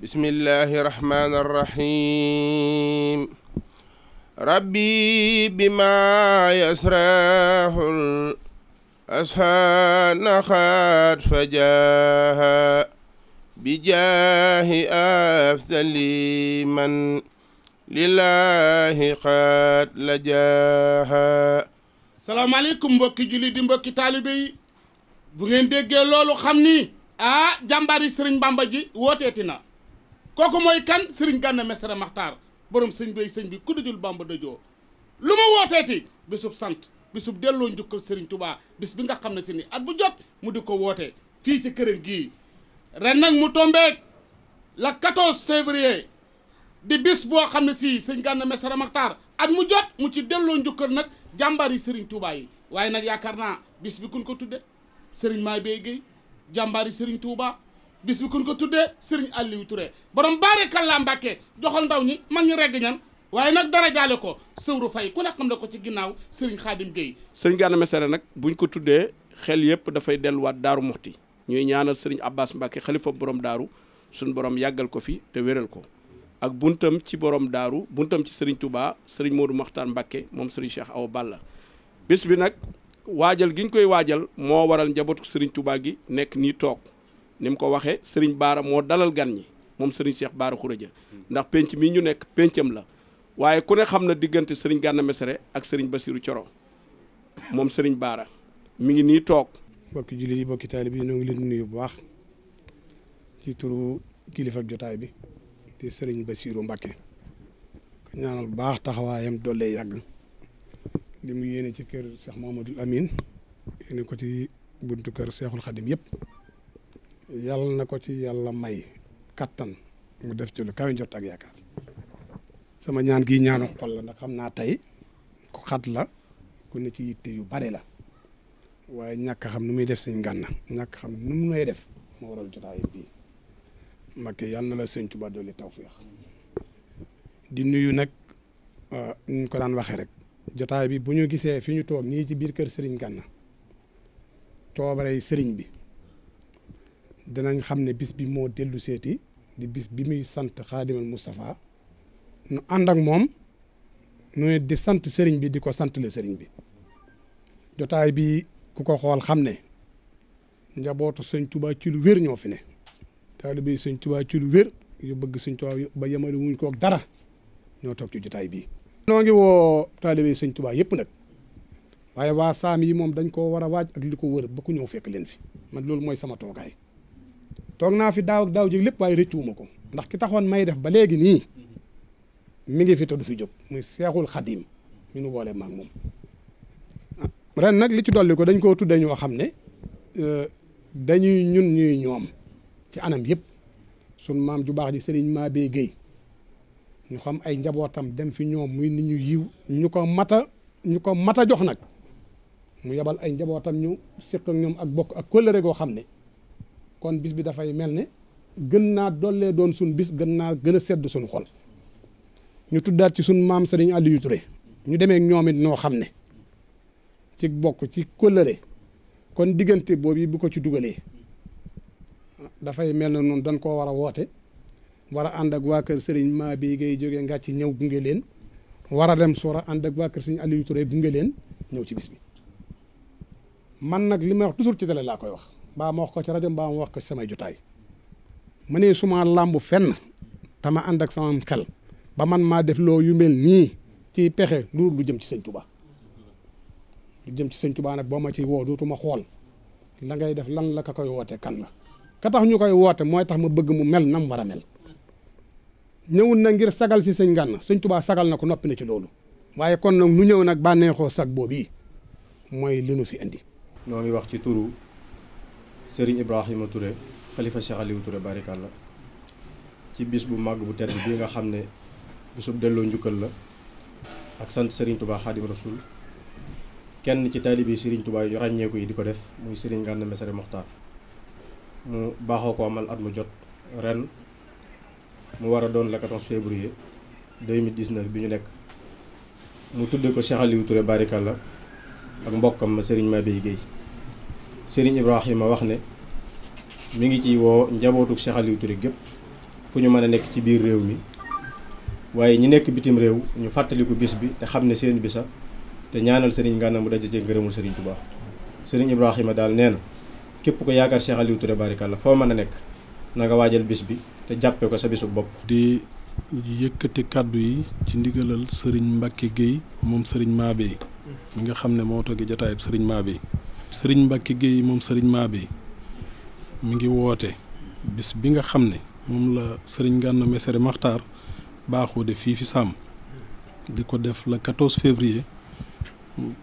bismillahi rahmaani rahiim rabbi bima yasrahul ashaana xaat fajaha bijaahi afdali man lillahi xaat lajaha salaamaaleykum mbokki julli di mbokki taalibe yi bu ngeen déggee loolu xam ni ah jàmbaari sëriñ Bamba ji na ko mooy kan sëriñ Gana Messere Maxtaar borom sëñ bay sëñ bi ku dajul Bàmba dajoo lu ma wooteeti bisub sant bisub delloo njukkal sëriñ Tubaa bis bi nga xam ne si ni at bu jot mu di ko woote fii ci këram gii ren nag mu tombeek la 14 février di bis boo xam ne si sëñ Messere Maxtaar at mu jot mu ci delloo njukkal nag jàmbaar yi sëriñ Touba yi waaye nag yaakaar naa bis bi kuñ ko tudde sëriñ Maay Bay Géy jàmbaar yi sëriñ Touba bis bi kun ko tuddee Serigne Aliou Touré borom baarikalla Mbàkke joxal ndaw ñi mag ñu regg ñan waaye nag dara jaale ko sëwru fay ku ne xam na ko ci ginnaaw Serigne Khadim Gueye. Serigne Gana Messere nag buñ ko tuddee xel yëpp dafay delluwaat Daaru Muxti ñuy ñaanal Serigne Abbas Mbàkke xalifa borom daaru suñ borom yàggal ko fi te wéral ko ak buntam ci borom daaru buntam ci Serigne Touba Serigne Modou Makhtar Mbàkke moom Serigne Cheikh Awa Balla bis bi nag waajal giñ koy waajal moo waral njabootu Serigne Touba gi nekk nii toog. ni mu ko waxee sëriñ baara moo dalal gan ñi moom sëriñ Cheikh Baara Khourédia ndax pénc mi ñu nekk pencam la waaye ku ne xam na diggante sëriñ Gana Messere ak sëriñ Bassirou Thioro moom sëriñ baara mu ngi nii toog mbokki jullit yi mbokki taalibe yi ñoo ngi leen nuyu bu baax ci turu kilifa jotaay bi te sëriñ Bassirou Mbacké ko ñaanal bu baax taxawaayam doole yàgg li mu yéene ci kër Cheikh Mamadou Amine yéene ko ci buntu kër Cheikhul Khadim yëpp yàlla na ko ci yàlla may kattan mu def ci lu ak yaakaar sama ñaan gi ñaanu xol la ndax xam naa tey ku xat la ku ne ci yitte yu bare la waaye ñàkk xam nu muy def sëñ Gana ñàkk xam nu mu may def moo waral jotaay bii Mbakke yàlla na la sëñ Tuubaa dolli tawfeex di nuyu nag euh, ñu ko daan waxee rek jotaay bi bu ñu gisee fi ñu toog nii ci biir kër sëriñ Gana toobarey sëriñ bi danañ xam ne bis bi moo dellu seeti di bis bi muy sant xaadimal Moustapha nu ànd ak moom nu di sant sëriñ bi di ko sant le sëriñ bi jotaay bi ku ko xool xam ne njabootu sëñ Tuubaa ci lu wér ñoo fi ne taalibe sëñ Tuubaa ci wér yu bëgg sëñ Tuubaa ba yemale wuñ kook dara ñoo toog ci jotaay bi noo ngi woo taalibe sëñ Tuubaa yëpp nag waaye waa saam yi moom dañ koo war a waaj ak li ko wër ba ku fekk leen fi ma loolu mooy sama toogaay toog naa fi daaw daaw jég lépp waaye rëccuwuma ko ndax ki taxoon may def ba léegi nii mi ngi fi te du fi jóg muy seexul xadim ñu nu boole maag moom ren nag li ci dolli dañ koo tudde ñoo xam ne euh, dañuy ñun ñuy ñoom ci anam yëpp suñ maam ju baax ji sëriñ Mabé Guèye ñu xam ay njabootam dem fi ñoom muy nit ñu yiw ñu ko mat a ñu ko mat a jox nag mu yebal ay njabootam ñu séq ñoom ak bokk ak kóllëre goo xam ne kon bis bi dafay mel ni gën naa dollee doon suñ bis gën naa gën a sedd suñu xol ñu tuddaat ci suñ maam Serigne Aliou ñu demee ñoom noo xam ne ci bokk ci kóllëre kon diggante boobu yi bu ko ci dugalee dafay mel ne noonu dañ koo war a woote war ànd ak waa kër Serigne maa bii ngay jógee nga ci ñëw gunge leen war a dem sora ànd ak waa kër Serigne Aliou Touré gunge leen ñëw ci bis bi man nag li ma wax toujours ci télé laa koy wax. baa ma wax ko ci rajo mbaa ma wax ko ci samay jotaay ma ne suma làmbu fenn te ma ànd ak sama xel ba man maa def loo yu mel nii ci pexe lu lu jëm ci sëñ Tuubaa lu jëm ci sëñ Tuubaa nag boo ma ci woo dootuma xool la ngay def lan la ka koy woote kan na ka tax ñu koy woote mooy tax ma bëgg mu mel nam war a mel ñëwul na ngir sagal si sëñ Gànna sëñ Tuubaa sagal na ko noppi na ci loolu waaye kon nag nu ñëw nag bànneexoo sag boobu yi mooy li nu fi indi. ñoo wax ci turu. Serigne Ibrahima Touré xalifa Cheikh Aliou Touré la ci bis bu màgg bu tedd bi nga xam ne bisub delloo njukkal la ak sant Serigne Touba Xaadim Rasul kenn ci taalibi Serigne tubaay yu ràññeeku yi di ko def muy Serigne Gana Messere Mokhtar mu baaxoo ko amal at mu jot ren mu war a doon le 14 février 2019 bi ñu nekk mu tuddee ko Cheikh Aliou Touré barikalla ak mbokkam ma Serigne Mabeye Guèye sëriñ Ibrahima wax ne mu ngi ciy woo njabootu Cheikh Aliou Touré gépp fu ñu mën a nekk ci biir réew mi waaye ñi nekk bitim réew ñu fàttaliku bis bi te xam ne seen bisa te ñaanal sëriñ Gana mu daje ci ngërëmul sëriñ Touba sëriñ Ibrahima daal nee na képp ko yaakaar Cheikh ture Touré barikàlla foo mën a nekk nanga waajal bis bi te jàppee ko sa bisu bopp. di yëkkati kàddu yi ci ndigalal sëriñ Mbacke Guèye moom sëriñ Mabé mi nga xam ne moo toogee jotaayu sëriñ Mabé. sëriñ Mbacke Gueye moom sëriñ Mabé mu ngi woote bis bi nga xam ne moom la sëriñ Gana Messere Maxtaar baaxoo de fii fi sàmm di ko def le 14 février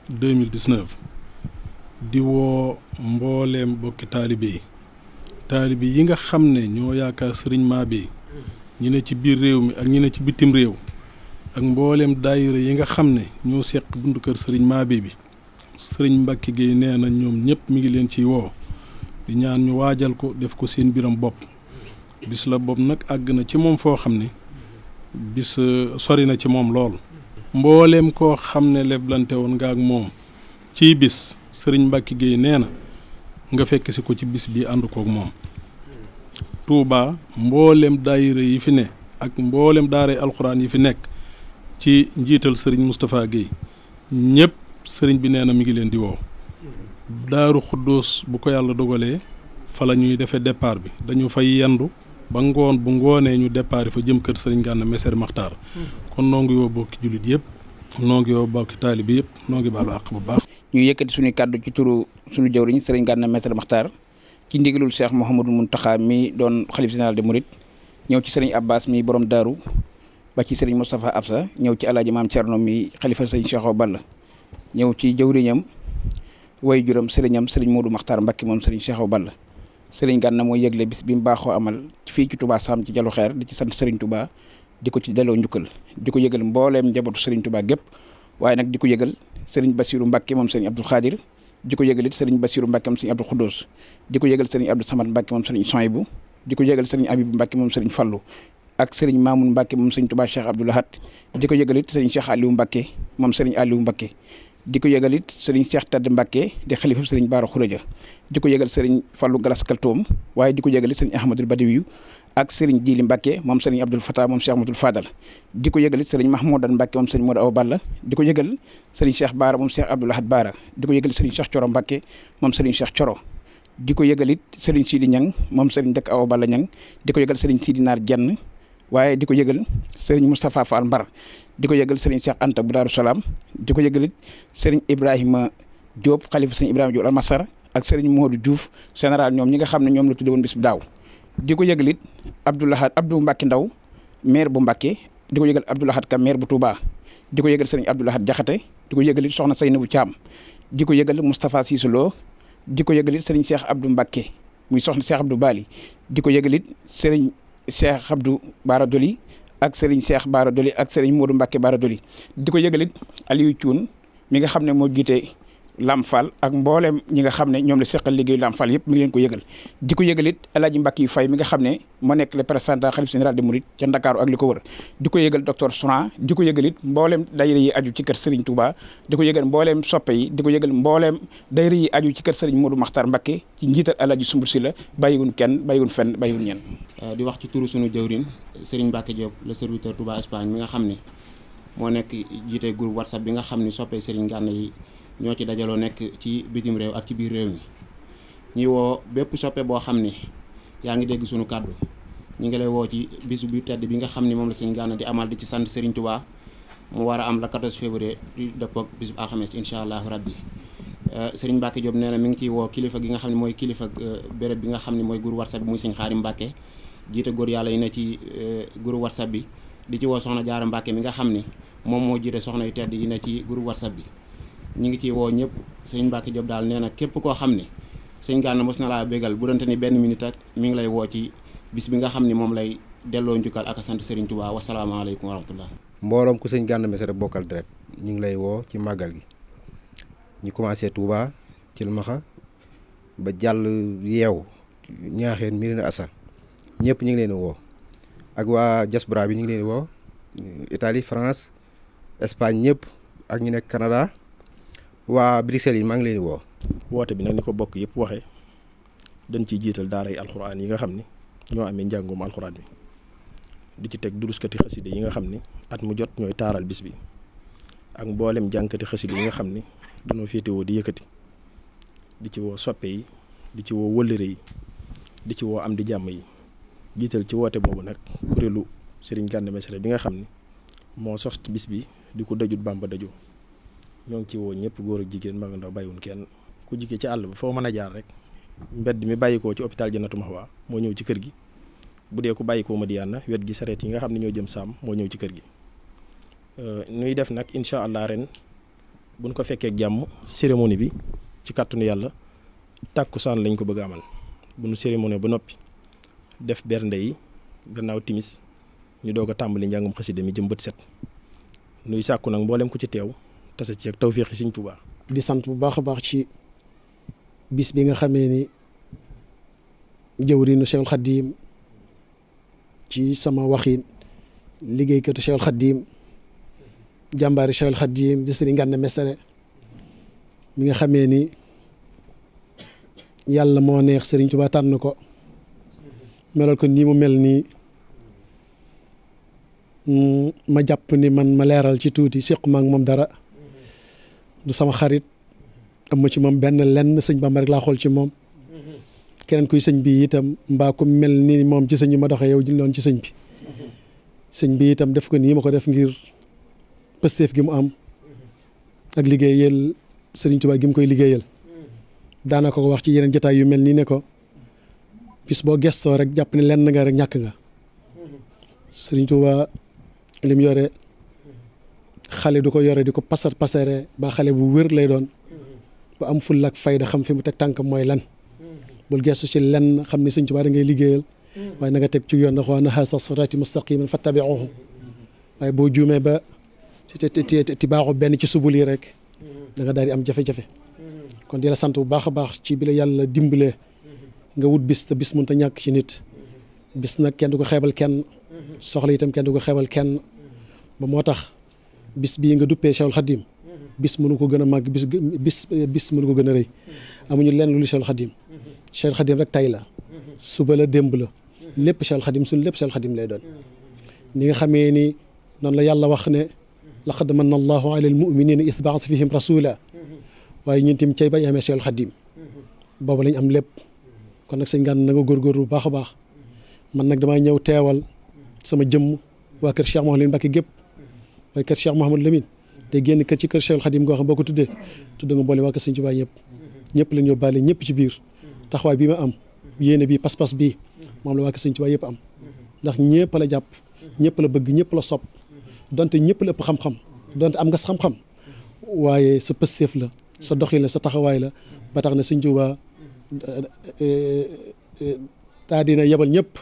2019 di woo mbooleem bokki taalibe yi taalibe yi nga xam ne ñoo yaakaar sëriñ Mabé ñi ne ci biir réew mi ak ñi ne ci bitim réew ak mbooleem dayre yi nga xam ne ñoo seq bundu kër sëriñ Mabé bi sëriñ Mbacke Gueye nee na ñoom ñëpp mu ngi leen ciy woo di ñaan ñu waajal ko def ko seen biram bopp bis la bopp nag àgg na ci moom foo xam ne bis euh, sori na ci moom lool mbooleem koo xam ne leblante woon nga ak moom ciy bis sëriñ Mbacke Gueye nee na nga fekk si ko ci bis bi ànd kook moom Touba mbooleem daayira yi fi ne ak mbooleem daaray alxuraan yi fi nekk ci njiital sëriñ Moustapha Gueye ñëpp sëriñ bi nee na mi ngi leen di woo daaru xuddoos bu ko yàlla dogalee fa la ñuy defee départ bi dañu fay yendu ba ngoon bu ngoonee ñu départ fa jëm kër sëriñ Gana Mesere Maxtaar kon noo ngi woo bokki jullit yëpp noo ngi woo bokki taalibe yëpp noo ngi baalu àq bu baax. ñu yëkkati suñu kàddu ci turu suñu jëwriñ sëriñ Gana Mesere Maxtaar ci ndigalul Cheikh Mouhamadou Mountakha mi doon xalif général de Mouride ñëw ci sëriñ Abbas mi borom daaru ba ci sëriñ Moustapha Absa ñëw ci alaaji maam Thierno mi xalifa sëriñ Cheikh Balla ñëw ci jëwriñam way juram sëriñam seriñ Modou Makhtar Mbacke moom sëriñ Cheikh Awa Balla sëriñ Gana mooy yëgle bis bi mu baaxoo amal fii ci tubaa Sam ci jalu xeer di ci sant sëriñ Touba di ko ci delloo njukkal di ko yëgal mbooleem njabootu sëriñ Touba gépp waaye nag di ko yëgal sëriñ Bassirou Mbacke moom sëriñ Abdou Khadir di ko yëgal it sëriñ Bassirou Mbacke moom sëriñ Abdou Khoudous di ko yëgal sëriñ Abdou Samad Mbacke moom sëriñ Soyibu di ko yëgal sëriñ Abib Mbacke moom sëriñ Fallou ak sëriñ Mamoun Mbacke moom sëriñ Touba Cheikh Abdoul Ahad di ko yëgal it sëriñ Cheikh Aliou Mbacke moom sëriñ Aliou Mbacke di ko yëgal it sëriñ Cheikh Tadd Mbacke di xalifa sëriñ Baara Khuraja di ko yëgal sëriñ Fallou Galas Kaltoom waaye di ko yëgal it sëriñ Ahmadul Badawiyu ak sëriñ Jili Mbacke moom sëriñ Abdoul Fatah moom Cheikh Ahmadul faadal di ko yëgal it sëriñ Mahmoudan Mbacke moom sëriñ Modou Awa Balla di ko yëgal sëriñ Cheikh Baara moom Cheikh Abdoul Ahad Baara di ko yëgal sëriñ Cheikh Coro Mbacke moom sëriñ Cheikh Coro di ko yëgal it sëriñ Sidi Ñang moom sëriñ Dëkk Awa Balla Ñang di ko yëgal sëriñ Sidi Naar Jenn waaye di ko yëgal sëriñ Moustapha Fall Mbar di ko yëgal sëriñ Cheikh Anta bu Daaru Salaam di ko yëgalit sëriñ Ibrahima Diop xalifa sëriñ Ibrahima Diop almasar ak sëriñ Modou Diouf général ñoom ñi nga xam ne ñoom la tudde woon bis bu daaw di ko yëgalit Abdoulahat Abdou Mbacke Ndaw maire bu Mbacke di ko yëgal Abdoulahat Ka maire bu Touba di ko yëgal sëriñ Abdoulahat Jaxate di ko yëgalit soxna Seynabou Thiam di ko yëgal Moustapha Cissé Lo di ko yëgalit sëriñ Cheikh Abdou Mbacke muy soxna Cheikh Abdou Bali di ko yëgalit sëriñ Cheikh Abdou Bara Doli ak Serigne Cheikh Bara Doli ak Serigne Modou Mbacke Bara Doli di ko yëgalit Aliou Thioune mi nga xam ne moo jiite Lamfal ak mboolem ñi nga xam ne ñoom la seqal liggéeyu Lamfal yëpp mu ngi leen ko yëgal di ko yëgal it El Hadj Mbacke Faye mi nga xam ne moo nekk le président xalif général de Mouride Ndakaaru ak li ko wër di ko yëgal docteur Souna di ko yëgal it mboolem dayra yi aju ci kër Serigne di ko yëgal mboolem soppe yi di ko yëgal mboolem dayra yi aju ci kër Serigne Modou Makhtar Mbacke ci njiital El Hadj Sumbur si la bàyyiwun kenn bàyyiwun fenn bàyyiwun ñenn euh, di wax ci turu sunu jëwrin Serigne Mbacke Diop le serviteur Touba Espagne mi nga xam ne moo nekk jiite groupe WhatsApp bi nga xam ne soppee Serigne Gana yi ñoo ci dajaloo nekk ci bitim réew ak ci biir réew mi ñi woo bépp soppe boo xam ni yaa ngi dégg sunu kàddu ñu ngi lay woo ci bis bu tedd bi nga xam ni moom la sëñ di amal di ci sant Serigne Touba mu war a am la 14 février di dëppoo ak bis bu alxames incha allahu rabbi euh, Serigne Mbacke Diop nee na mi ngi ciy woo kilifa gi nga xam ne mooy kilifa euh, béréb bi nga xam ne mooy groupe whatsapp bi muy sëñ Xaarim Mbacke góor yàlla yi ne ci euh, groupe whatsapp bi di ci woo soxna Jaara Mbacke mi nga xam ni moom moo jiite soxna yu tedd yi ne ci groupe whatsapp bi ñu ngi ciy woo ñëpp sëñ Mbacke Diop daal nee na képp koo xam ne sëñ Gana mos na laa bégal bu doonte ni benn minute ak mi ngi lay woo ci bis bi nga xam ni moom lay delloo njukkal ak sant Serigne Touba wasalaamaaleykum wa rahmatullah mbooloom ku sëñ Gana Messere bokkal direct ñu ngi lay woo ci màggal gi ñu commencé Touba ci Maxa ba jàll yeew ñaaxeen Mirina Assa ñëpp ñu ngi leen woo ak waa diaspora bi ñu ngi leen woo Italie France Espagne ñëpp ak ñu nekk Canada waa Bruxelles yi maa ngi leen woo. woote bi nag ni ko bokk yëpp waxee dañ ciy jiital daara yi alxuraan yi nga xam ni ñoo amee njàngum alxuraan bi di ci teg duruskati xaside yi nga xam ni at mu jot ñooy taaral bis bi ak mboolem jànkati xaside yi nga xam ni danoo dañoo woo di yëkkati di ci woo soppe yi di ci woo wëllëre yi di ci woo am di jàmm yi jiital ci woote boobu nag kuréelu Serigne Gana Messere bi nga xam ni moo sos bis bi di ko dajut Bàmba dajoo ñoo ngi ci woo ñëpp góor ak jigéen mag ndaw bàyyiwun kenn ku jige ci àll ba foo mën a jaar rek mbedd mi bàyyi ci hôpital Jannatul Mahwa moo ñëw ci kër gi bu dee ku bàyyi koo Madiyana wet gi sareet yi nga xam ne ñoo jëm saam moo ñëw ci kër gi nuy euh, def nag incha allah ren buñ ko fekkee jàmm cérémonie bi ci kàttanu yàlla tàkkusaan lañ ko bëgg amal bu nu cérémonie ba noppi def bernde yi gannaaw timis ñu doog a tàmbali njàngum xasida mi jëm bët set nuy sàkku nag mboolem ku ci teew tase ci ak tawféex Sëriñ Tuubaa di sant bu baax a baax ci bis bi nga xamee ni jëwriñu Seexul Xaddiim ci sama waxin liggéeykatu Seexul Xaddiim jàmbaari Seexul Xaddiim di Sëriñ Ganna Messere mi nga xamee ni yàlla moo neex Sëriñ Tuubaa tànn ko melal ko nii mu mel nii mm, ma jàpp ni man ma leeral ci tuuti séqu ma moom dara du sama xarit am ma ci moom benn lenn sëñ Bamba rek laa xool ci moom keneen kuy sëñ bi itam mbaa ku mel nii moom ci sëñ bi ma doxee yow jëloon ci sëñ bi sëñ bi itam def ko nii ma ko def ngir pësteef gi mu am ak liggéeyal sëriñ Tuubaa gi mu koy liggéeyal daanaka ko wax ci yeneen jotaay yu mel nii ne ko bis boo gestoo rek jàpp ne lenn nga rek ñàkk nga sëriñ Tuubaa lim yore. xale du ko yore di ko pasar pasare ba xale bu wér lay doon bu am ful ak fayda xam fi mu teg tànk mooy lan bul gestu ci lenn xam ne Sëñ Tuubaa da ngay liggéeyal waaye na nga teg ci yoon ndax waa nahaa sa siraati mustaqiman fattabi'uhu waaye boo juumee ba ti baaxu benn ci subul yi rek da nga daal di am jafe-jafe kon di la sant bu baax a baax ci bi la yàlla dimbalee nga wut bis te bis mënut a ñàkk ci nit bis nag kenn du ko xeebal kenn soxla itam ba moo bis bii nga duppee Cheikhul Khadim bis mënu ko gën a màgg bis bis bis mënu ko gën a rëy amuñu lenn lu Cheikhul Khadim Cheikhul Khadim rek la suba la démb la lépp Cheikhul Khadim suñ lépp Cheikhul Khadim lay doon ni nga xamee ni noonu la yàlla wax ne laqad manna allahu ala almuminina is baasa fihim rasula waaye ñun tim cay bañ amee Cheikhul Khadim booba lañ am lépp kon nag sëñ Gana na góor góor bu baax a baax man nag damaa ñëw teewal sama jëmm waa kër Cheikh Mouhalim Mbacké gépp mooy kër Cheikh Mouhamadou Lamine te génn kër ci kër Cheikhul Khadim goo xam boo ko tuddee tudd nga mboole waa ñëpp ñëpp lañ yóbbaale ñëpp ci biir taxawaay bi ma am yéene bii pas-pas la waa kër Sëñ Tuubaa yëpp am ndax ñëpp la jàpp ñëpp la bëgg ñëpp la sopp donte ñëpp la ëpp xam am nga sa waaye sa la sa doxin sa taxawaay la ba na Sëñ Tuubaa eh, eh, eh, daa dina yebal ñëpp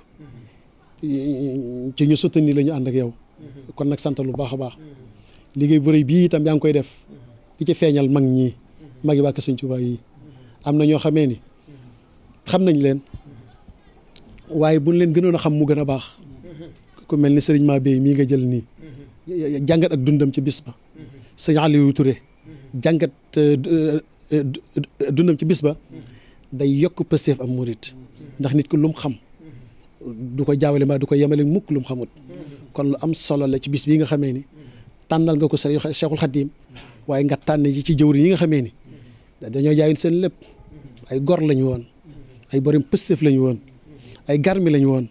ci ñu soutenir la ànd ak yow kon nag santal lu baax a baax liggéey bu rëy bii itam yaa ngi koy def di ci feeñal mag ñii magi waa Sëñ Tuubaa yi am na ñoo xamee ni xam nañ leen waaye buñ leen gënoon a xam mu gën a baax ku mel ni sëriñ Mabéye mii nga jël nii jàngat ak dundam ci bis ba sëñ Aliou Touré jàngat euh, euh, euh, dundam ci bis ba day yokk pësteef am murit ndax nit ku lum xam du ko jaawale maa du ko yemale mukk lum xamut kon lu am solo la ci bis bii nga xamee ni tànnal nga ko sa Cheikhul Khadim waaye nga tànn ci ci jëwri yi nga xamee ni dañoo jaayoon seen lépp ay gor lañu woon ay borom pëstëf lañu woon ay garmi lañu woon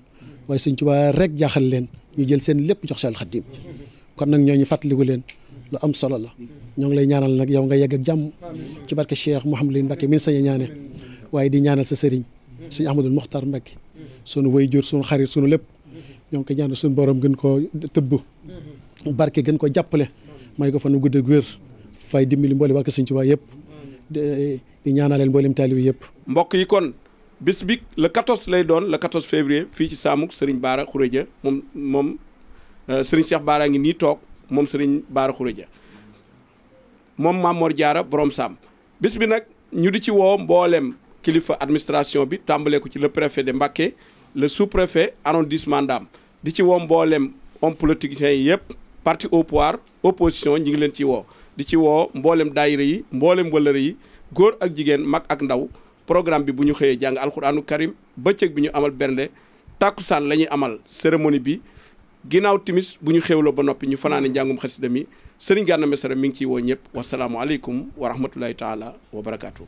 waaye Sëñ Tuubaa rek jaaxal leen ñu jël seen lépp jox Cheikhul Khadim kon nag ñooñu fàttaliku leen lu am solo la ñoo ngi lay ñaanal nag yow nga yegg ak jàmm ci barke Cheikh Mouhamadou Mbacké min sañ a ñaane waaye di ñaanal sa sëriñ Sëñ Ahmadul Muxtar Mbacké sunu wayjur sunu xarit sunu lépp ñoo ngi koy ñaanal suñu borom gën koo tëbb barke gën ko jàppale may ko fan gudd ak wér fay dimbali mboolem wàkk Sëñ Tuubaa yëpp di ñaanaleen mboolem taalibe yëpp mbokk yi kon bis bi le 14 lay doon le 14 février fii ci saamuk sëriñ Bara Khourédia moom moom euh, Serigne Cheikh Bara ngi nii toog moom Serigne Bara Khourédia moom Mame Mor Diarra borom saam bis bi nag ñu di ci woo mboolem kilifa administration bi tàmbale ko ci le préfet de Mbacké le sous di ci woo mbooleem homme politicien yi yëpp parti au pouvoir opposition ñi ngi leen ci woo di ci woo mboolem daayira yi mboolem wëllëre yi góor ak jigéen mag ak ndaw programme bi bu ñu xëyee jàng alxuraanu karim bëccëg bi ñu amal bernde tàkkusaan la ñuy amal cérémonie bi ginnaaw timis bu ñu xewloo ba noppi ñu fanaane njàngum xasida mi sëriñ Gana Messere mi ngi ciy woo ñëpp wasalaamualeykum wa rahmatullahi taala wa barakaatu.